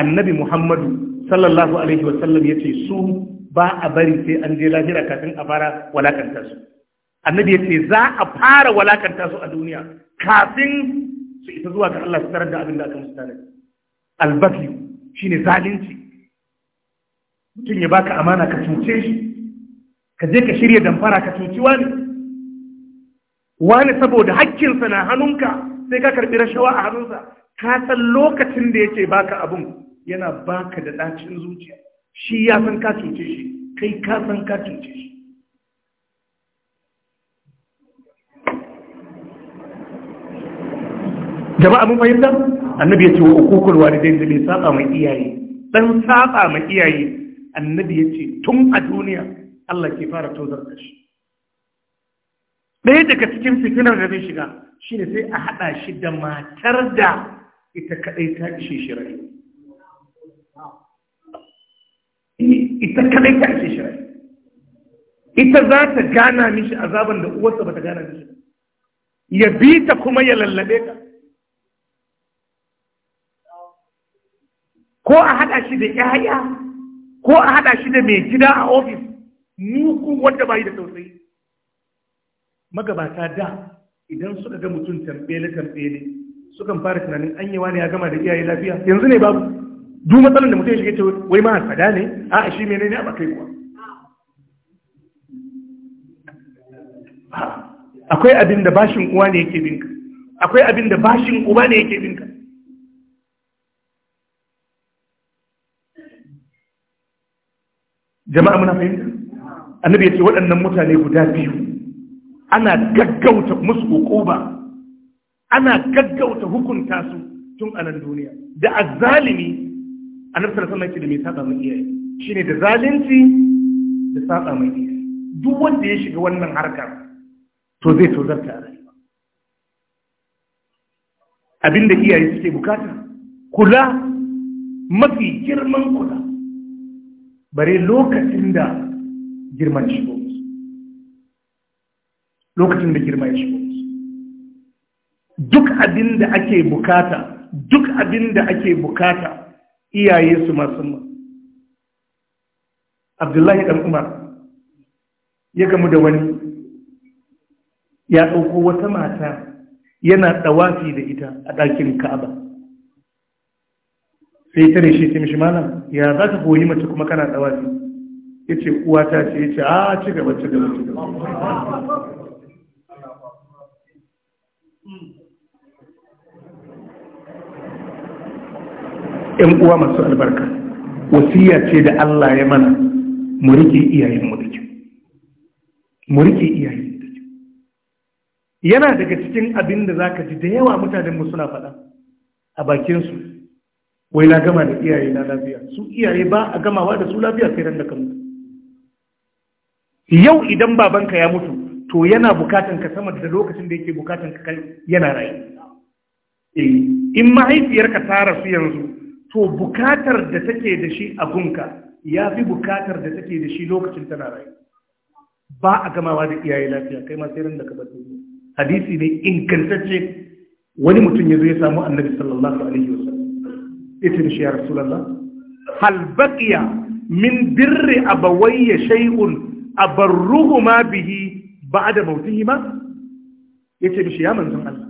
annabi muhammadu sallallahu alaihi wasallam ya ce su ba a bari sai an je lahira kafin a fara walakanta su annabi ya ce za a fara walakanta su a duniya kafin su isa zuwa ga Allah su tarar da abin da aka musu tare albafi shine zalunci mutum ya baka amana ka tuce shi ka je ka shirya damfara ka tuci wani wani saboda hakkinsa na hannunka sai ka karɓi rashawa a hannunsa ka san lokacin da yake baka abun yana baka da ɗacin zuciya shi ya san ka cuce shi kai ka san ka cuce shi jama'a mun fahimta annabi ya ce wa ukukul walidain da bai saba mai iyaye dan saba mai iyaye annabi ya ce tun a duniya Allah ke fara tozar da shi ɗaya daga cikin fitinar da zai shiga shi ne sai a haɗa shi da matar da ita kaɗai ta ishe shi rai ita kaɗai ta ishe shi rai ita za ta gana mishi azaban da uwarsa ba ta gana mishi ya bi ta kuma ya lallabe ka ko a haɗa shi da 'ya'ya ko a haɗa shi da mai gida a ofis muku wanda ba yi da tausayi magabata da idan suka ga mutum tambele tambele sukan fara tunanin an yawa ne ya gama da iyaye lafiya yanzu ne babu duk matsalar da mutum ya shiga ta wai ma hasada ne a shi menene a bakai kuwa akwai abin da bashin uwa ne yake binka akwai abin da bashin uba ne yake binka jama'a muna fahimta annabi ya ce waɗannan mutane guda biyu ana gaggauta musu hukuma ana gaggauta hukunta su tun anan duniya da azzalimi a sallallahu alaihi wasallam da mai saba mai iyaye shine da zalunci da saba mai iyaye duk wanda ya shiga wannan harkar to zai tozarta a rayuwa abinda iyaye suke bukata kula mafi girman kula bare lokacin da girman shigo lokacin da girma ya shigo duk abin da ake bukata duk abin da ake bukata iyaye su masu abdullahi dan umar ya gamu da wani ya ɗauko wata mata yana ɗawafi da ita a ɗakin ka'aba sai ta reshe ta mishi malam ya za ka koyi mace kuma kana ɗawafi ya ce uwata ce ya ce a ah, ci gaba ci gaba ci gaba ‘yan uwa masu albarka wasiya ce da Allah ya mana mu rike iyayenmu da kyau mu rike iyayen da kyau yana daga cikin abin da zaka ji da yawa mutanenmu suna faɗa a bakinsu wai na gama da iyaye na lafiya su iyaye ba a gamawa da su lafiya sai ran da kan yau idan babanka ya mutu to yana bukatan ka sama da lokacin da yake bukatan ka yana rayu eh, in mahaifiyarka ta rasu yanzu to bukatar da take da shi a ya fi bukatar da take da shi lokacin tana rayu ba a gamawa da iyaye lafiya kai ma sai ran da ka yi. hadisi ne ingantacce wani mutum ya zo ya samu annabi sallallahu alaihi wasallam ita da shi ya rasulullah hal baqiya min birri abawayya shay'un abarruhuma bihi ba'da mautihima yace da shi ya manzon Allah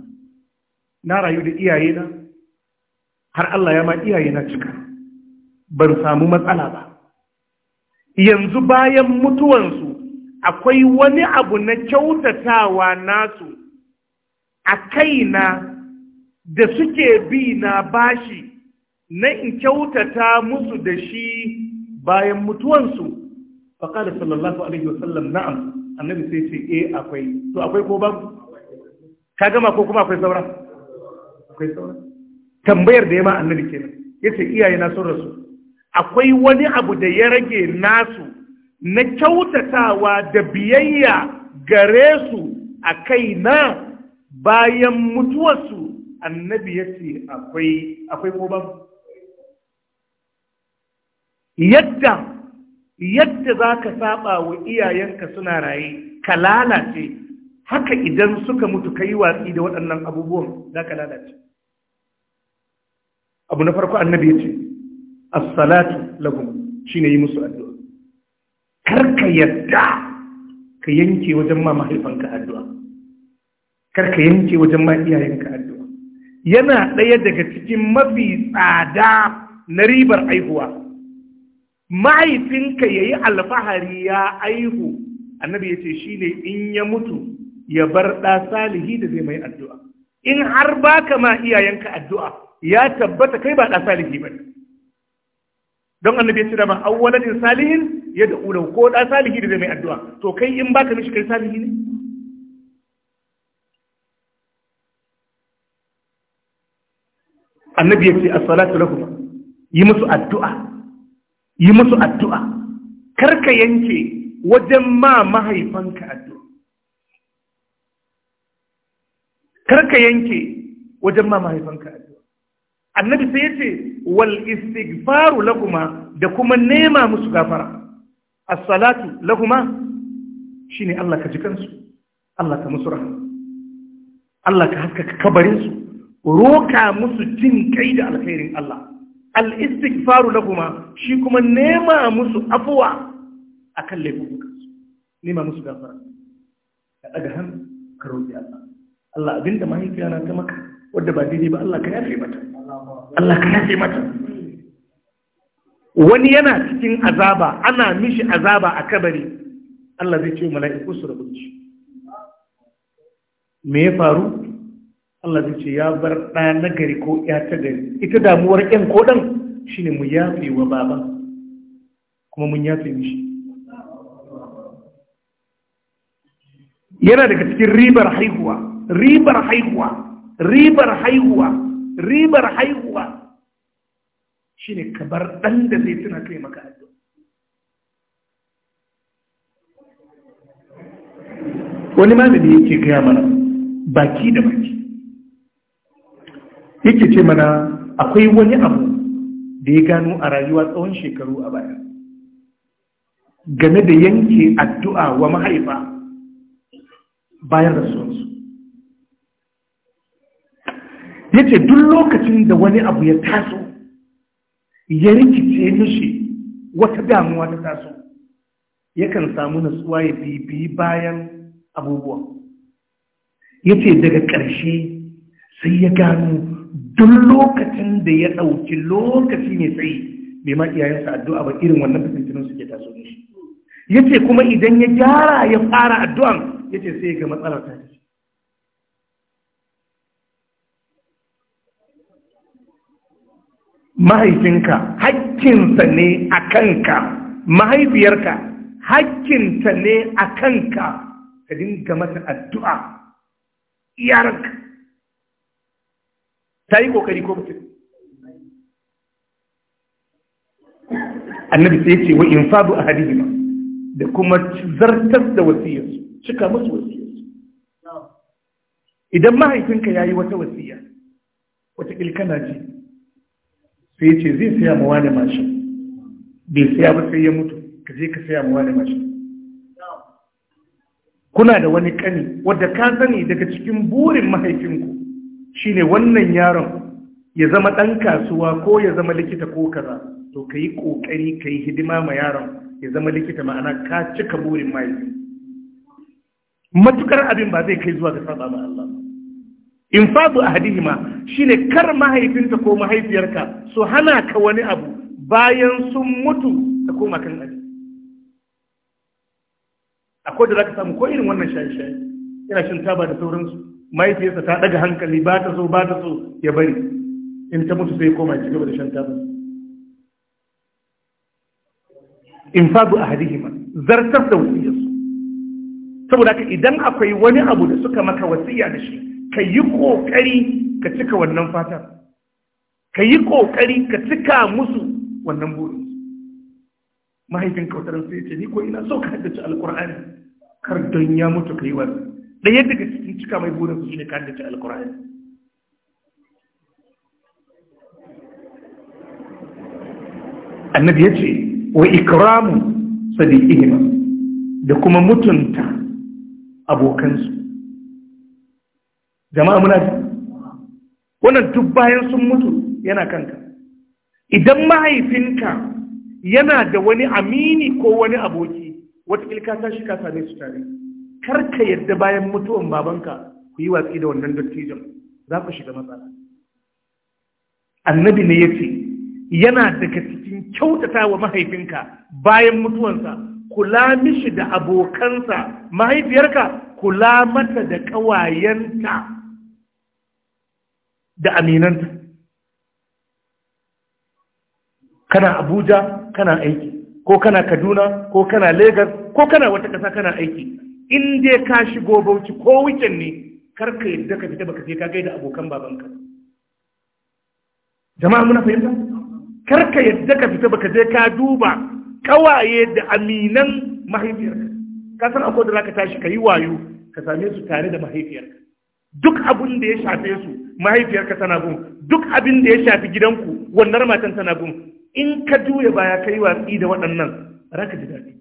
na rayu da iyaye na har Allah ya ma iyaye na cika ban samu matsala ba yanzu bayan mutuwansu akwai wani abu na kyautatawa nasu a kaina da suke bi na bashi na in kyautata musu da shi bayan mutuwansu faƙalar sallallahu alaihi wasallam na'am annabi sai ce eh akwai to akwai ko ba? ka gama ko kuma akwai saura akwai saura tambayar da ya ma annabi kenan yace iyaye na sun rasu akwai wani abu da ya rage nasu na kyautatawa da biyayya gare su a kai na bayan mutuwarsu annabi ya ce akwai akwai ko babu yadda yadda za ka saba wa iyayenka suna raye ka lalace haka idan suka mutu ka yi watsi da waɗannan abubuwan za ka lalace abu na farko annabi ya ce assalatu shi shine yi musu addu'a karka yadda ka yanke wajen ma mahaifanka addu'a karka yanke wajen ma iyayenka addu'a yana ɗaya daga cikin mafi tsada na ribar aihuwa mahaifinka ya yi alfahari ya aihu annabi ya ce shi ne in ya mutu ya bar ɗa salihi da zai mai addu'a in har ba ka ma iyayenka addu'a ya tabbata kai ba ɗan salihi ba don annabi ya ce da ma awwaladin salihin ya da ulau ko ɗan salihi da mai addu'a to kai in baka mishi kai salihi ne annabi ya ce as-salatu lakum yi musu addu'a yi musu addu'a karka yanke wajen ma mahaifanka addu'a karka yanke wajen ma mahaifanka addu'a annabi sai ce wal istighfaru lakuma da kuma nema musu gafara as-salatu lakuma shine Allah ka ji kansu Allah ka musu rahama Allah ka haskaka kabarin su roka musu jin kai da alkhairin Allah al-istighfaru lakuma shi kuma nema musu afwa akan laifukansu nema musu gafara ka daga hannu ka roƙi Allah Allah abinda mahaifiya na ta maka wadda ba dini ba Allah ka yafe mata Allah ka yafe mata wani yana cikin azaba ana mishi azaba a kabari Allah zai ce mala'iku su rabu shi me ya faru Allah zai ce ya bar ɗa na gari ko ya ta gari ita damuwar ƴan ko ɗan shine mu yafe wa baba kuma mun yafe mishi yana daga cikin ribar haihuwa ribar haihuwa ribar haihuwa ribar haihuwa shine ne kabar ɗan da zai tuna kai maka addu'a wani malami yake gaya mana baki da baki yake ce mana akwai wani abu da ya gano a rayuwa tsawon shekaru a baya game da yanke addu'a wa mahaifa bayan rasuwarsu Yace duk lokacin da wani abu ya taso ya rikice mishi wata damuwa ta taso yakan samu natsuwa ya bibi bayan abubuwa ya daga ƙarshe sai ya gano duk lokacin da ya ɗauki lokaci mai tsayi bai ma iyayensa addu'a ba irin wannan fitintunan suke taso mishi ya kuma idan ya gyara ya fara addu'an ya ce sai ga matsalar ta mahaifinka hakkinsa ne a kanka mahaifiyarka hakkinta ne a kanka ka dinga mata addu'a yaranka ta yi ƙoƙari ko mutum annabi sai ce wa in fadu a hadihima da kuma zartar da wasiyarsu cika musu wasiyarsu idan mahaifinka ya yi wata wasiya wata ƙilkana ce sai ce zai saya ma ne mashin bai saya ba sai ya mutu ka je ka saya ma ne mashin kuna da wani kani wadda ka sani daga cikin burin mahaifinku shine wannan yaron ya zama ɗan kasuwa ko ya zama likita ko kaza to ka yi ƙoƙari ka yi hidima ma yaron ya zama likita ma'ana ka cika burin mahaifinku matukar abin ba zai kai zuwa ga saba ba Allah in fadu shi ne kar mahaifinta ko mahaifiyarka su hana ka wani abu bayan sun mutu ta koma kan A kodin da ka samu ko irin wannan shaye-shaye yana shan taba da sauransu mahaifiyarsa ta daga hankali ba ta so ba ta so ya bari in ta mutu sai koma ci gaba da shan taba in fadu hadihima, zartar da wasiyarsu saboda idan akwai wani abu da suka maka wasiya da shi ka yi ƙoƙari ka cika wannan fatan ka yi ƙoƙari ka cika musu wannan burin mahaifin kautarin sai ce ni ko ina so ka haddace alƙur'ani kar don ya mutu ka yi wani yadda daga cikin cika mai burin su ne ka haddace alƙur'ani annabi ya ce wa ikramu sadiqihima da kuma mutunta abokansu jama'a muna ji wannan duk bayan sun mutu yana kanka idan mahaifinka yana da wani amini ko wani aboki wata ka tashi ka same su tare kar ka yadda bayan mutuwan babanka ku yi watsi da wannan dattijan za ku shiga matsala annabi ne ya ce yana daga cikin kyautata wa mahaifinka bayan mutuwansa kula mishi da abokansa mahaifiyarka kula mata da ƙawayenta da aminanta kana abuja kana aiki ko kana kaduna ko kana Legas, ko kana wata ƙasa kana aiki in dai ka shigo bauchi ko wikin ne karka yadda ka fita baka je ka gaida abokan babanka jama'a muna fahimta karka yadda ka fita baka je ka duba kawaye da aminan mahaifiyarka ka san akwai da zaka tashi ka yi wayo ka same su tare da mahaifiyarka duk abin da ya shafe su mahaifiyarka tana gun duk abin da ya shafi gidanku wannan matan tana gun in ka juya baya kai watsi da waɗannan ranka ji daɗi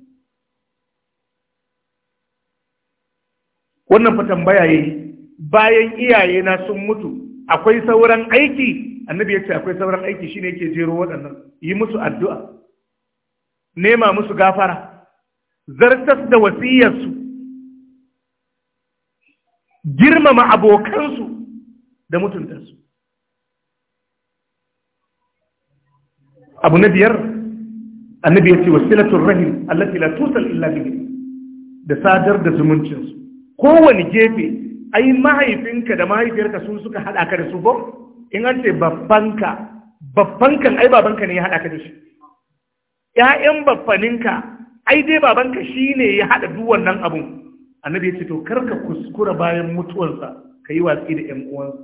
wannan fa tambaya yayi bayan iyaye na sun mutu akwai sauran aiki annabi ya ce akwai sauran aiki shine yake jero waɗannan yi musu addu'a nema musu gafara zartas da wasiyarsu girmama abokansu da mutuntansu abu na biyar annabi ya ce silatun rahim allati la tusal illa bihi da sadar da zumuncinsu kowane gefe ai mahaifinka da mahaifiyarka sun suka haɗa ka da su ba in an ce babbanka babbankan ai babanka ne ya haɗa ka da shi Ya'yan babbaninka ai dai babanka shine ya haɗa duk wannan abun annabi ya ce to karka kuskura bayan mutuwarsa ka yi watsi da ‘yan uwansa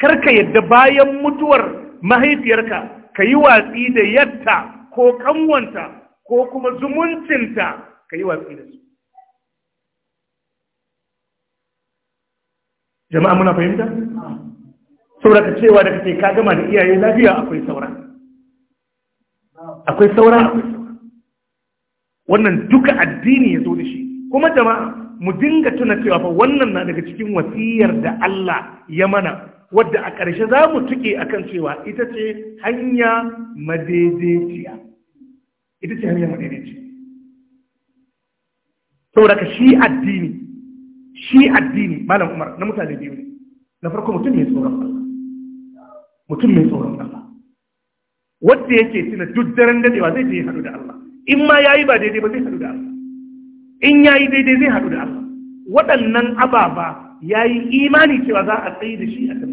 karka yadda bayan mutuwar mahaifiyarka ka yi watsi da yadda, ko kanwanta ko kuma zumuncinta ka yi watsi da su jama'a muna fahimta? ka cewa da kake ka gama da iyaye lafiya akwai saura akwai saura akwai saura wannan duka addini ya zo da shi kuma jama'a mu dinga tuna cewa fa wannan na daga cikin wasiyar da Allah ya mana wadda a ƙarshe za mu tuke akan cewa ita ce hanya madaidaiciya ita ce hanya madaidaiciya saboda ka shi addini shi addini malam umar na mutane biyu ne na farko mutum mai tsoron Allah mutum mai tsoron Allah wanda yake tuna duk daren dadewa zai je ya haɗu da Allah in ma yayi ba daidai ba zai haɗu da Allah in ya yi daidai zai haɗu da Allah waɗannan ababa ya yi imani cewa za a tsaye da shi a kan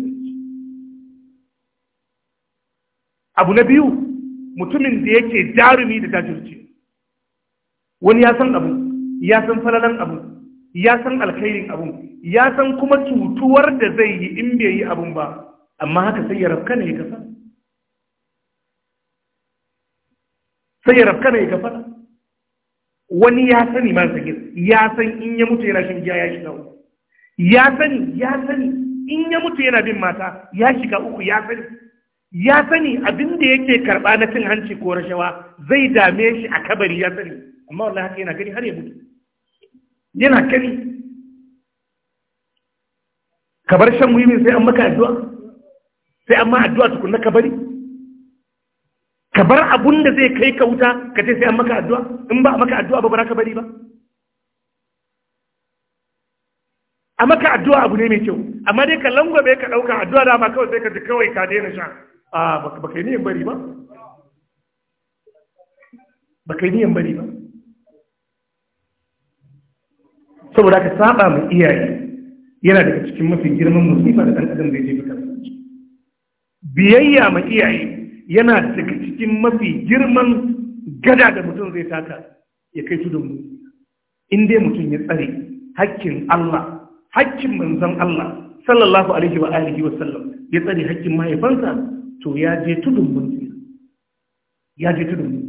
abu na biyu mutumin da yake jarumi da jajirce wani ya san abu ya san falalan abu ya san alkhairin abu ya san kuma cutuwar da zai yi in bai yi abun ba amma haka sai ya rafka ne ya kafa sai ya rafka ne ya kafa wani ya sani man sakin ya san in ya mutu yana shan giya ya shiga uku ya sani ya sani in ya mutu yana bin mata ya shiga uku ya sani ya sani abin da yake karɓa na cin hanci ko rashawa zai dame shi a kabari ya sani amma wallahi haka yana gani har ya mutu yana gani kabar shan wiwi sai an maka addu'a sai an ma addu'a tukunna kabari ka bar abun da zai kai ka wuta ka ce sai an maka addu'a in ba maka addu'a ba ba ka bari ba a maka addu'a abu ne mai kyau amma dai ka langwabe ka ɗauka addu'a da ma kawai sai ka ji kawai ka daina sha a ba kai niyan bari ba ba kai niyan bari ba saboda ka saba mai iyaye yana daga cikin mafi girman musifa da ɗan adam zai jefi kansa biyayya ma iyaye yana daga cikin mafi girman gada da mutum zai taka ya kai tudun mu in mutum ya tsare hakkin Allah hakkin manzon Allah sallallahu alaihi wa alihi wa sallam ya tsare hakkin mahaifansa to ya je tudun mun ya je tudun mun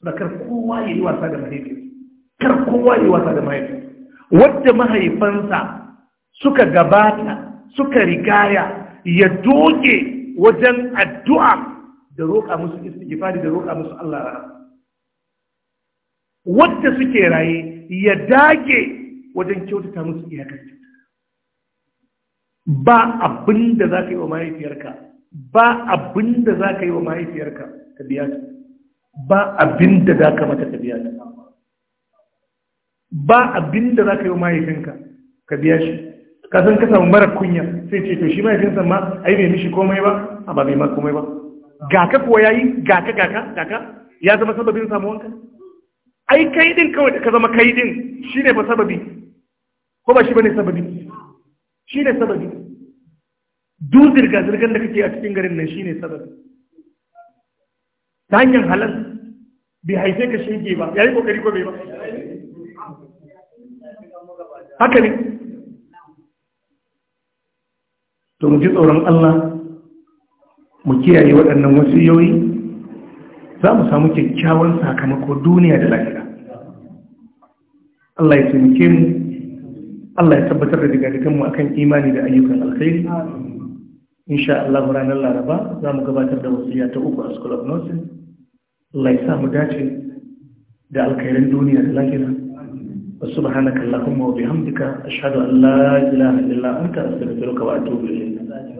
da kar kowa ya yi wasa da mahaifinsa kar kowa ya yi wasa da mahaifinsa wadda mahaifansa suka gabata suka rigaya ya doge wajen addu'a da roƙa musu istighfari da roƙa musu Allah rahama wadda suke raye ya dage wajen kyautata musu iyakar ba abin da za ka yi wa mahaifiyarka ba abin da za ka yi wa mahaifiyarka ka biya ta ba abin da za ka mata ka biya ta ba abin da za ka yi wa mahaifinka ka biya shi ka san ka samu mara kunya sai ce to shi mahaifinsa ma yi mai mishi komai ba a ba mai ma komai ba ga ka kuwa ya ga ka ga ka ga ka ya zama sababin samu wanka ai kai din kawai da ka zama kai din shine ba sababi ko ba shi ne sababi shine sababi duk zirga zirgan da kake a cikin garin nan shine sababi ta hanyar halar bai haife ka shege ba ya yi kokari ko bai ba haka ne to mu ji tsoron Allah mu kiyaye waɗannan wasiyoyi za mu samu kyakkyawan sakamako duniya da lafiya Allah ya taimake mu Allah ya tabbatar da digadikanmu akan imani da ayyukan alkhairi insha Allah ranar Laraba za mu gabatar da wasiya ta uku a School of Nursing Allah ya sa mu dace da alkhairin duniya da lafiya subhanaka allahumma wa bihamdika ashhadu an la ilaha illa anta astaghfiruka wa